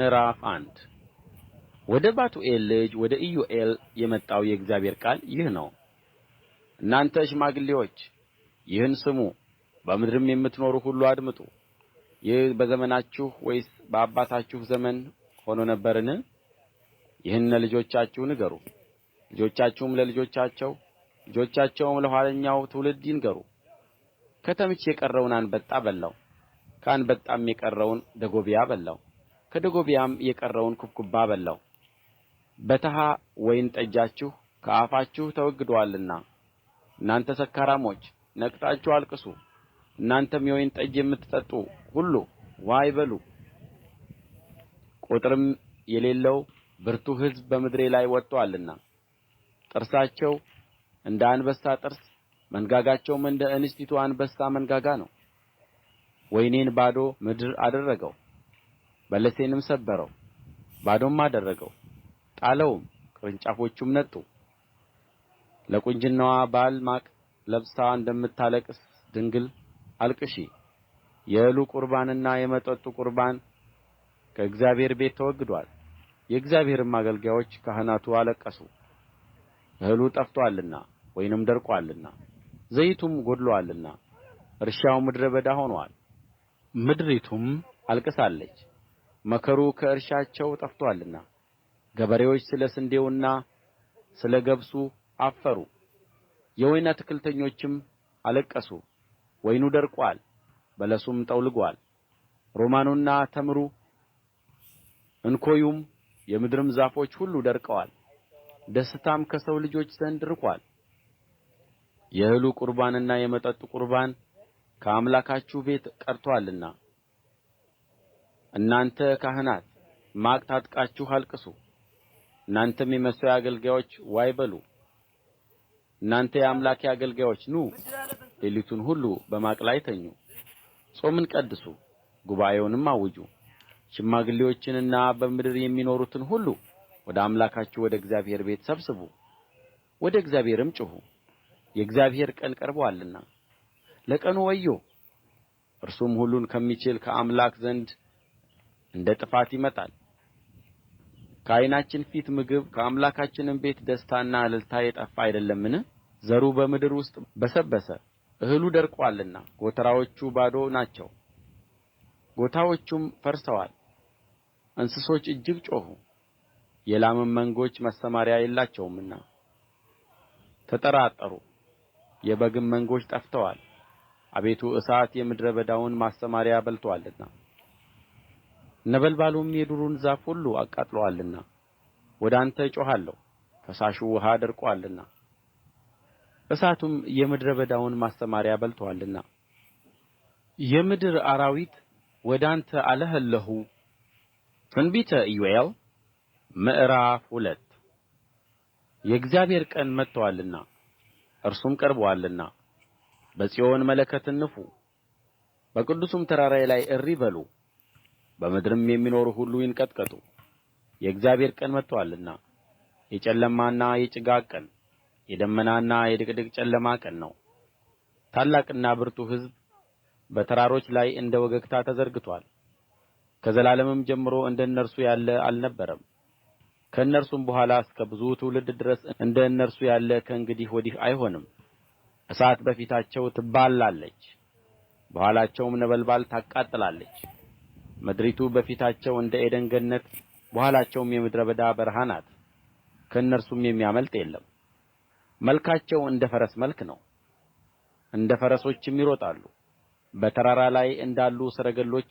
ምዕራፍ አንድ ወደ ባቱኤል ልጅ ወደ ኢዮኤል የመጣው የእግዚአብሔር ቃል ይህ ነው እናንተ ሽማግሌዎች ይህን ስሙ በምድርም የምትኖሩ ሁሉ አድምጡ ይህ በዘመናችሁ ወይስ በአባታችሁ ዘመን ሆኖ ነበርን ይህን ለልጆቻችሁ ንገሩ ልጆቻችሁም ለልጆቻቸው ልጆቻቸውም ለኋለኛው ትውልድ ይንገሩ ከተምች የቀረውን አንበጣ በላው ከአንበጣም የቀረውን ደጎብያ በላው ከደጎብያም የቀረውን ኩብኩባ በላሁ በተሃ ወይን ጠጃችሁ ከአፋችሁ ተወግዶአልና እናንተ ሰካራሞች ነቅታችሁ አልቅሱ እናንተም የወይን ጠጅ የምትጠጡ ሁሉ ዋይ በሉ ቍጥርም የሌለው ብርቱ ሕዝብ በምድሬ ላይ ወጥቶአልና ጥርሳቸው እንደ አንበሳ ጥርስ መንጋጋቸውም እንደ እንስቲቱ አንበሳ መንጋጋ ነው ወይኔን ባዶ ምድር አደረገው በለሴንም ሰበረው ባዶም አደረገው ጣለውም ቅርንጫፎቹም ነጡ ለቍንጅናዋ ባል ማቅ ለብሳ እንደምታለቅስ ድንግል አልቅሺ የእህሉ ቍርባንና የመጠጡ ቍርባን ከእግዚአብሔር ቤት ተወግዶአል የእግዚአብሔርም አገልጋዮች ካህናቱ አለቀሱ እህሉ ጠፍቶአልና ወይንም ደርቆአልና ዘይቱም ጐድሎአልና እርሻው ምድረ በዳ ሆኖአል ምድሪቱም አልቅሳለች መከሩ ከእርሻቸው ጠፍቶአልና ገበሬዎች ስለ ስንዴውና ስለ ገብሱ አፈሩ የወይን አትክልተኞችም አለቀሱ ወይኑ ደርቆአል በለሱም ጠውልጓል። ሮማኑና ተምሩ እንኮዩም የምድርም ዛፎች ሁሉ ደርቀዋል ደስታም ከሰው ልጆች ዘንድ ርቆአል የእህሉ ቍርባንና የመጠጡ ቍርባን ከአምላካችሁ ቤት ቀርቶአልና እናንተ ካህናት ማቅ ታጥቃችሁ አልቅሱ እናንተም የመሠዊያ አገልጋዮች ዋይ በሉ እናንተ የአምላኬ አገልጋዮች ኑ ሌሊቱን ሁሉ በማቅ ላይ ተኙ ጾምን ቀድሱ ጉባኤውንም አውጁ ሽማግሌዎችንና በምድር የሚኖሩትን ሁሉ ወደ አምላካችሁ ወደ እግዚአብሔር ቤት ሰብስቡ ወደ እግዚአብሔርም ጩኹ የእግዚአብሔር ቀን ቀርቦአልና ለቀኑ ወዮ እርሱም ሁሉን ከሚችል ከአምላክ ዘንድ እንደ ጥፋት ይመጣል ከዓይናችን ፊት ምግብ ከአምላካችንም ቤት ደስታና እልልታ የጠፋ አይደለምን ዘሩ በምድር ውስጥ በሰበሰ እህሉ ደርቆአልና ጎተራዎቹ ባዶ ናቸው ጎታዎቹም ፈርሰዋል እንስሶች እጅግ ጮኹ የላምም መንጎች ማሰማርያ የላቸውምና ተጠራጠሩ የበግም መንጎች ጠፍተዋል አቤቱ እሳት የምድረ በዳውን ማሰማሪያ በልቶአልና ነበልባሉም የዱሩን ዛፍ ሁሉ አቃጥሎአልና ወደ አንተ እጮኻለሁ ፈሳሹ ውኃ ደርቆአልና እሳቱም የምድረ በዳውን ማሰማርያ በልቶአልና የምድር አራዊት ወደ አንተ አለኸለኩ ትንቢተ ኢዮኤል ምዕራፍ ሁለት የእግዚአብሔር ቀን መጥቶአልና እርሱም ቀርቦአልና በጽዮን መለከትን ንፉ በቅዱሱም ተራራዬ ላይ እሪ በሉ በምድርም የሚኖሩ ሁሉ ይንቀጥቀጡ የእግዚአብሔር ቀን መጥቶአልና የጨለማና የጭጋግ ቀን የደመናና የድቅድቅ ጨለማ ቀን ነው ታላቅና ብርቱ ሕዝብ በተራሮች ላይ እንደ ወገግታ ተዘርግቶአል ከዘላለምም ጀምሮ እንደ እነርሱ ያለ አልነበረም ከእነርሱም በኋላ እስከ ብዙ ትውልድ ድረስ እንደ እነርሱ ያለ ከእንግዲህ ወዲህ አይሆንም እሳት በፊታቸው ትባላለች በኋላቸውም ነበልባል ታቃጥላለች ምድሪቱ በፊታቸው እንደ ዔድን ገነት በኋላቸውም የምድረ በዳ በረሃ ናት ከእነርሱም የሚያመልጥ የለም መልካቸው እንደ ፈረስ መልክ ነው እንደ ፈረሶችም ይሮጣሉ በተራራ ላይ እንዳሉ ሰረገሎች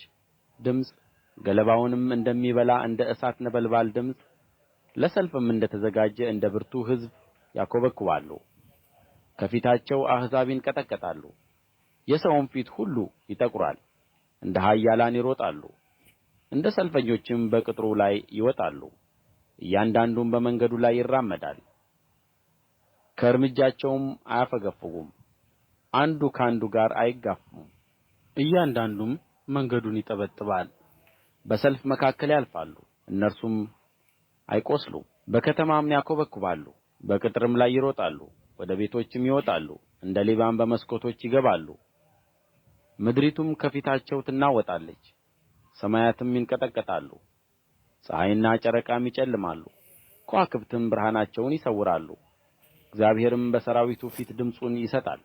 ድምፅ ገለባውንም እንደሚበላ እንደ እሳት ነበልባል ድምፅ ለሰልፍም እንደ ተዘጋጀ እንደ ብርቱ ሕዝብ ያኰበኵባሉ ከፊታቸው አሕዛብ ይንቀጠቀጣሉ የሰውም ፊት ሁሉ ይጠቁራል እንደ ኃያላን ይሮጣሉ እንደ ሰልፈኞችም በቅጥሩ ላይ ይወጣሉ እያንዳንዱም በመንገዱ ላይ ይራመዳል ከእርምጃቸውም አያፈገፍጉም አንዱ ከአንዱ ጋር አይጋፉም እያንዳንዱም መንገዱን ይጠበጥባል በሰልፍ መካከል ያልፋሉ እነርሱም አይቈስሉም በከተማም ያኰበኵባሉ በቅጥርም ላይ ይሮጣሉ ወደ ቤቶችም ይወጣሉ እንደ ሌባም በመስኮቶች ይገባሉ ምድሪቱም ከፊታቸው ትናወጣለች ሰማያትም ይንቀጠቀጣሉ ፀሐይና ጨረቃም ይጨልማሉ ከዋክብትም ብርሃናቸውን ይሰውራሉ እግዚአብሔርም በሠራዊቱ ፊት ድምፁን ይሰጣል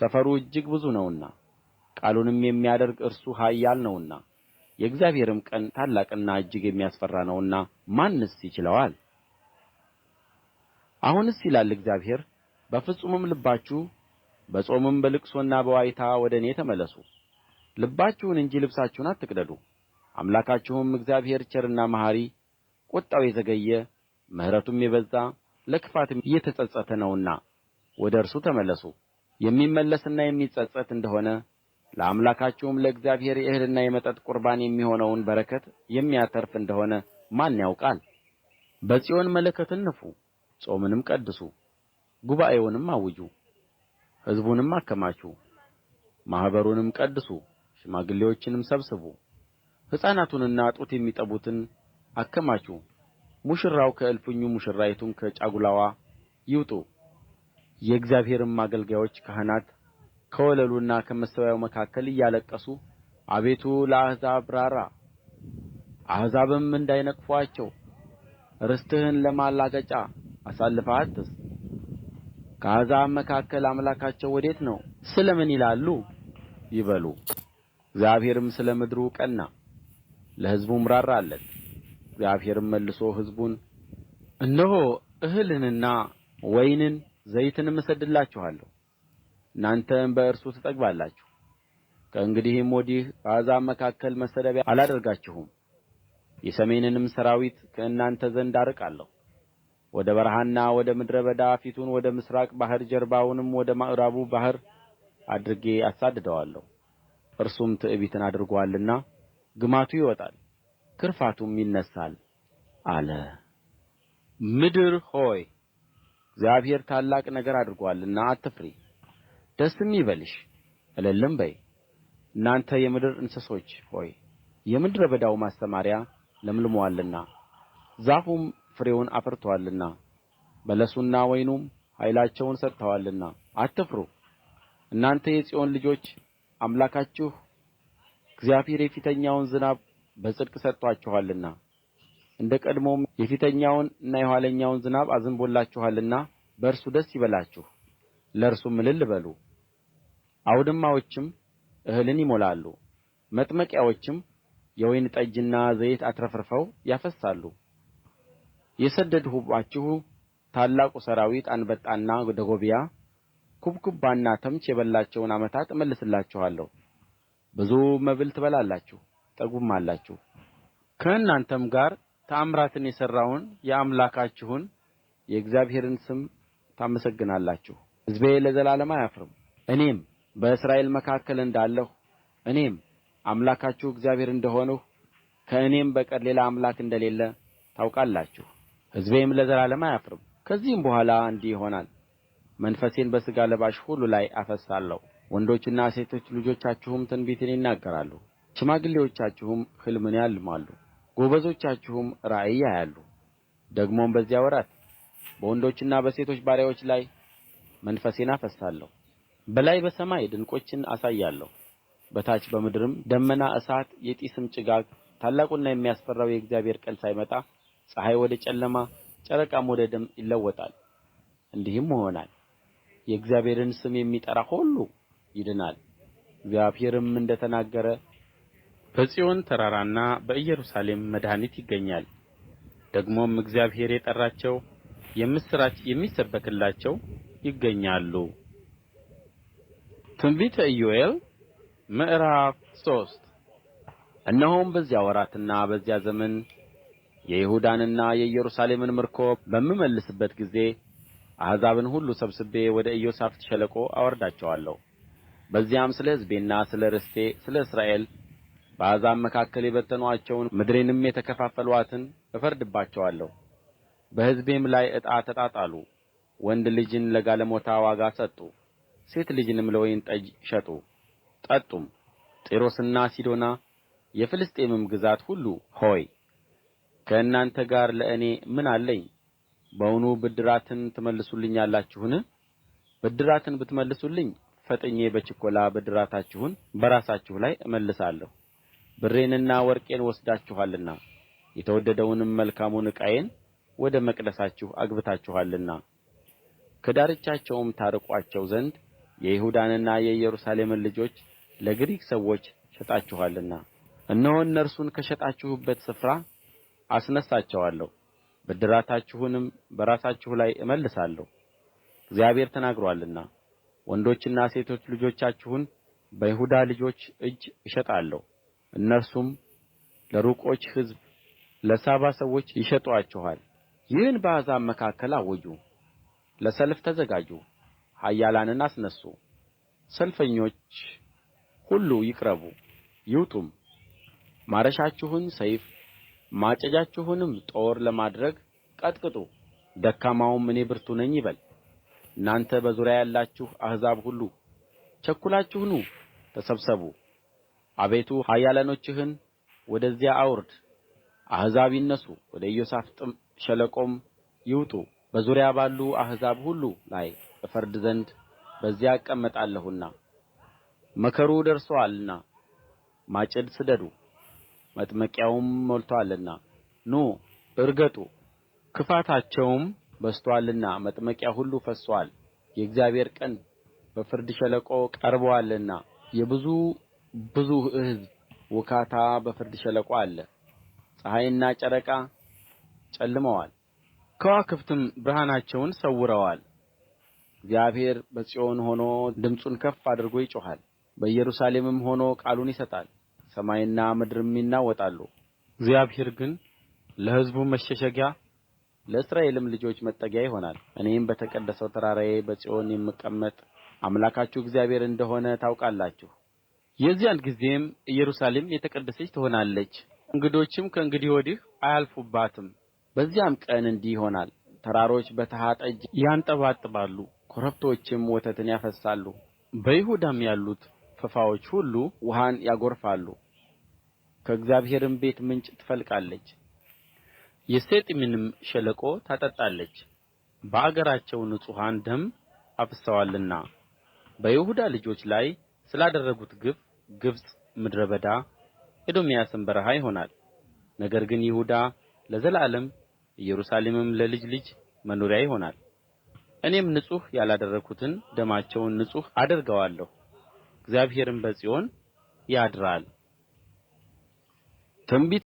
ሰፈሩ እጅግ ብዙ ነውና ቃሉንም የሚያደርግ እርሱ ኃያል ነውና የእግዚአብሔርም ቀን ታላቅና እጅግ የሚያስፈራ ነውና ማንስ ይችለዋል አሁንስ ይላል እግዚአብሔር በፍጹምም ልባችሁ በጾምም በልቅሶና በዋይታ ወደ እኔ ተመለሱ ልባችሁን እንጂ ልብሳችሁን አትቅደዱ አምላካችሁም እግዚአብሔር ቸርና መሐሪ ቍጣው የዘገየ ምሕረቱም የበዛ ለክፋትም የተጸጸተ ነውና ወደ እርሱ ተመለሱ የሚመለስና የሚጸጸት እንደ ሆነ ለአምላካችሁም ለእግዚአብሔር የእህልና የመጠጥ ቍርባን የሚሆነውን በረከት የሚያተርፍ እንደ ሆነ ማን ያውቃል በጽዮን መለከትን ንፉ ጾምንም ቀድሱ ጉባኤውንም አውጁ ሕዝቡንም አከማቹ ማኅበሩንም ቀድሱ ሽማግሌዎችንም ሰብስቡ ሕፃናቱንና ጡት የሚጠቡትን አከማቹ ሙሽራው ከእልፍኙ ሙሽራይቱም ከጫጉላዋ ይውጡ የእግዚአብሔርም አገልጋዮች ካህናት ከወለሉና ከመሠዊያው መካከል እያለቀሱ አቤቱ ለአሕዛብ ራራ አሕዛብም እንዳይነቅፉአቸው ርስትህን ለማላገጫ አሳልፈህ አትስጥ ከአሕዛብ መካከል አምላካቸው ወዴት ነው ስለ ምን ይላሉ ይበሉ እግዚአብሔርም ስለ ምድሩ ቀና ለሕዝቡም ራራለት እግዚአብሔርም መልሶ ሕዝቡን እነሆ እህልንና ወይንን ዘይትንም እሰድድላችኋለሁ እናንተም በእርሱ ትጠግባላችሁ ከእንግዲህም ወዲህ በአሕዛብ መካከል መሰደቢያ አላደርጋችሁም የሰሜንንም ሠራዊት ከእናንተ ዘንድ አርቃለሁ ወደ በረሃና ወደ ምድረ በዳ ፊቱን ወደ ምሥራቅ ባሕር ጀርባውንም ወደ ምዕራቡ ባሕር አድርጌ አሳድደዋለሁ እርሱም ትዕቢትን አድርጎአልና ግማቱ ይወጣል ክርፋቱም ይነሣል አለ ምድር ሆይ እግዚአብሔር ታላቅ ነገር አድርጎአልና አትፍሪ ደስም ይበልሽ እልልም በይ እናንተ የምድር እንስሶች ሆይ የምድረ በዳው ማሰማርያ ለምልሞአልና ዛፉም ፍሬውን አፍርቶአልና በለሱና ወይኑም ኃይላቸውን ሰጥተዋልና አትፍሩ እናንተ የጽዮን ልጆች አምላካችሁ እግዚአብሔር የፊተኛውን ዝናብ በጽድቅ ሰጥቶአችኋልና እንደ ቀድሞውም የፊተኛውንና የኋለኛውን ዝናብ አዝንቦላችኋልና በእርሱ ደስ ይበላችሁ ለእርሱም እልል በሉ አውድማዎችም እህልን ይሞላሉ መጥመቂያዎችም የወይን ጠጅና ዘይት አትረፍርፈው ያፈስሳሉ የሰደድሁባችሁ ታላቁ ሠራዊት አንበጣና ደጎብያ ኩብኩባና ተምች የበላቸውን ዓመታት እመልስላችኋለሁ ብዙ መብል ትበላላችሁ ትጠግቡማላችሁ ከእናንተም ጋር ተአምራትን የሠራውን የአምላካችሁን የእግዚአብሔርን ስም ታመሰግናላችሁ ሕዝቤ ለዘላለም አያፍርም እኔም በእስራኤል መካከል እንዳለሁ እኔም አምላካችሁ እግዚአብሔር እንደ ሆንሁ ከእኔም በቀር ሌላ አምላክ እንደሌለ ታውቃላችሁ ሕዝቤም ለዘላለም አያፍርም ከዚህም በኋላ እንዲህ ይሆናል መንፈሴን በሥጋ ለባሽ ሁሉ ላይ አፈስሳለሁ ወንዶችና ሴቶች ልጆቻችሁም ትንቢትን ይናገራሉ ሽማግሌዎቻችሁም ሕልምን ያልማሉ ጐበዞቻችሁም ራእይ ያያሉ ደግሞም በዚያ ወራት በወንዶችና በሴቶች ባሪያዎች ላይ መንፈሴን አፈስሳለሁ በላይ በሰማይ ድንቆችን አሳያለሁ በታች በምድርም ደመና እሳት የጢስም ጭጋግ ታላቁና የሚያስፈራው የእግዚአብሔር ቀን ሳይመጣ ፀሐይ ወደ ጨለማ ጨረቃም ወደ ደም ይለወጣል እንዲህም ይሆናል የእግዚአብሔርን ስም የሚጠራ ሁሉ ይድናል እግዚአብሔርም እንደ ተናገረ በጽዮን ተራራና በኢየሩሳሌም መድኃኒት ይገኛል ደግሞም እግዚአብሔር የጠራቸው የምሥራች የሚሰበክላቸው ይገኛሉ ትንቢተ ኢዮኤል ምዕራፍ ሶስት እነሆም በዚያ ወራትና በዚያ ዘመን የይሁዳንና የኢየሩሳሌምን ምርኮ በምመልስበት ጊዜ አሕዛብን ሁሉ ሰብስቤ ወደ ኢዮሣፍጥ ሸለቆ አወርዳቸዋለሁ በዚያም ስለ ሕዝቤና ስለ ርስቴ ስለ እስራኤል በአሕዛብ መካከል የበተኑአቸውን ምድሬንም የተከፋፈሏትን እፈርድባቸዋለሁ በሕዝቤም ላይ ዕጣ ተጣጣሉ ወንድ ልጅን ለጋለሞታ ዋጋ ሰጡ ሴት ልጅንም ለወይን ጠጅ ሸጡ ጠጡም ጢሮስና ሲዶና የፍልስጥኤምም ግዛት ሁሉ ሆይ ከእናንተ ጋር ለእኔ ምን አለኝ በውኑ ብድራትን ትመልሱልኛላችሁን ብድራትን ብትመልሱልኝ ፈጥኜ በችኰላ ብድራታችሁን በራሳችሁ ላይ እመልሳለሁ ብሬንና ወርቄን ወስዳችኋልና የተወደደውንም መልካሙን ዕቃዬን ወደ መቅደሳችሁ አግብታችኋልና ከዳርቻቸውም ታርቋቸው ዘንድ የይሁዳንና የኢየሩሳሌምን ልጆች ለግሪክ ሰዎች ሸጣችኋልና እነሆ እነርሱን ከሸጣችሁበት ስፍራ አስነሣቸዋለሁ ብድራታችሁንም በራሳችሁ ላይ እመልሳለሁ እግዚአብሔር ተናግሮአልና ወንዶችና ሴቶች ልጆቻችሁን በይሁዳ ልጆች እጅ እሸጣለሁ እነርሱም ለሩቆች ሕዝብ ለሳባ ሰዎች ይሸጡአችኋል ይህን በአሕዛብ መካከል አውጁ ለሰልፍ ተዘጋጁ ኃያላንን አስነሡ ሰልፈኞች ሁሉ ይቅረቡ ይውጡም ማረሻችሁን ሰይፍ ማጭዳችሁንም ጦር ለማድረግ ቀጥቅጡ ደካማውም እኔ ብርቱ ነኝ ይበል እናንተ በዙሪያ ያላችሁ አሕዛብ ሁሉ ቸኵላችሁ ኑ ተሰብሰቡ አቤቱ ኃያላኖችህን ወደዚያ አውርድ አሕዛብ ይነሡ ወደ ኢዮሣፍጥም ሸለቆም ይውጡ በዙሪያ ባሉ አሕዛብ ሁሉ ላይ እፈርድ ዘንድ በዚያ እቀመጣለሁና መከሩ ደርሶአልና ማጭድ ስደዱ መጥመቂያውም ሞልቶአልና ኑ እርገጡ ክፋታቸውም በዝቶአልና መጥመቂያ ሁሉ ፈርሶአል የእግዚአብሔር ቀን በፍርድ ሸለቆ ቀርቦአልና የብዙ ብዙ ሕዝብ ውካታ በፍርድ ሸለቆ አለ ፀሐይና ጨረቃ ጨልመዋል ከዋክብትም ብርሃናቸውን ሰውረዋል እግዚአብሔር በጽዮን ሆኖ ድምፁን ከፍ አድርጎ ይጮኻል በኢየሩሳሌምም ሆኖ ቃሉን ይሰጣል ሰማይና ምድርም ይናወጣሉ እግዚአብሔር ግን ለሕዝቡ መሸሸጊያ ለእስራኤልም ልጆች መጠጊያ ይሆናል እኔም በተቀደሰው ተራራዬ በጽዮን የምቀመጥ አምላካችሁ እግዚአብሔር እንደ ሆንሁ ታውቃላችሁ የዚያን ጊዜም ኢየሩሳሌም የተቀደሰች ትሆናለች እንግዶችም ከእንግዲህ ወዲህ አያልፉባትም በዚያም ቀን እንዲህ ይሆናል ተራሮች በተሃ ጠጅ ያንጠባጥባሉ ኮረብቶችም ወተትን ያፈስሳሉ በይሁዳም ያሉት ፈፋዎች ሁሉ ውኃን ያጐርፋሉ ከእግዚአብሔርም ቤት ምንጭ ትፈልቃለች የሰጢምንም ሸለቆ ታጠጣለች በአገራቸው ንጹሑን ደም አፍስሰዋልና በይሁዳ ልጆች ላይ ስላደረጉት ግፍ ግብጽ ምድረ በዳ ኤዶምያስም በረሃ ይሆናል ነገር ግን ይሁዳ ለዘላለም ኢየሩሳሌምም ለልጅ ልጅ መኖሪያ ይሆናል እኔም ንጹሕ ያላደረግሁትን ደማቸውን ንጹሕ አደርገዋለሁ እግዚአብሔርም በጽዮን ያድራል ትንቢት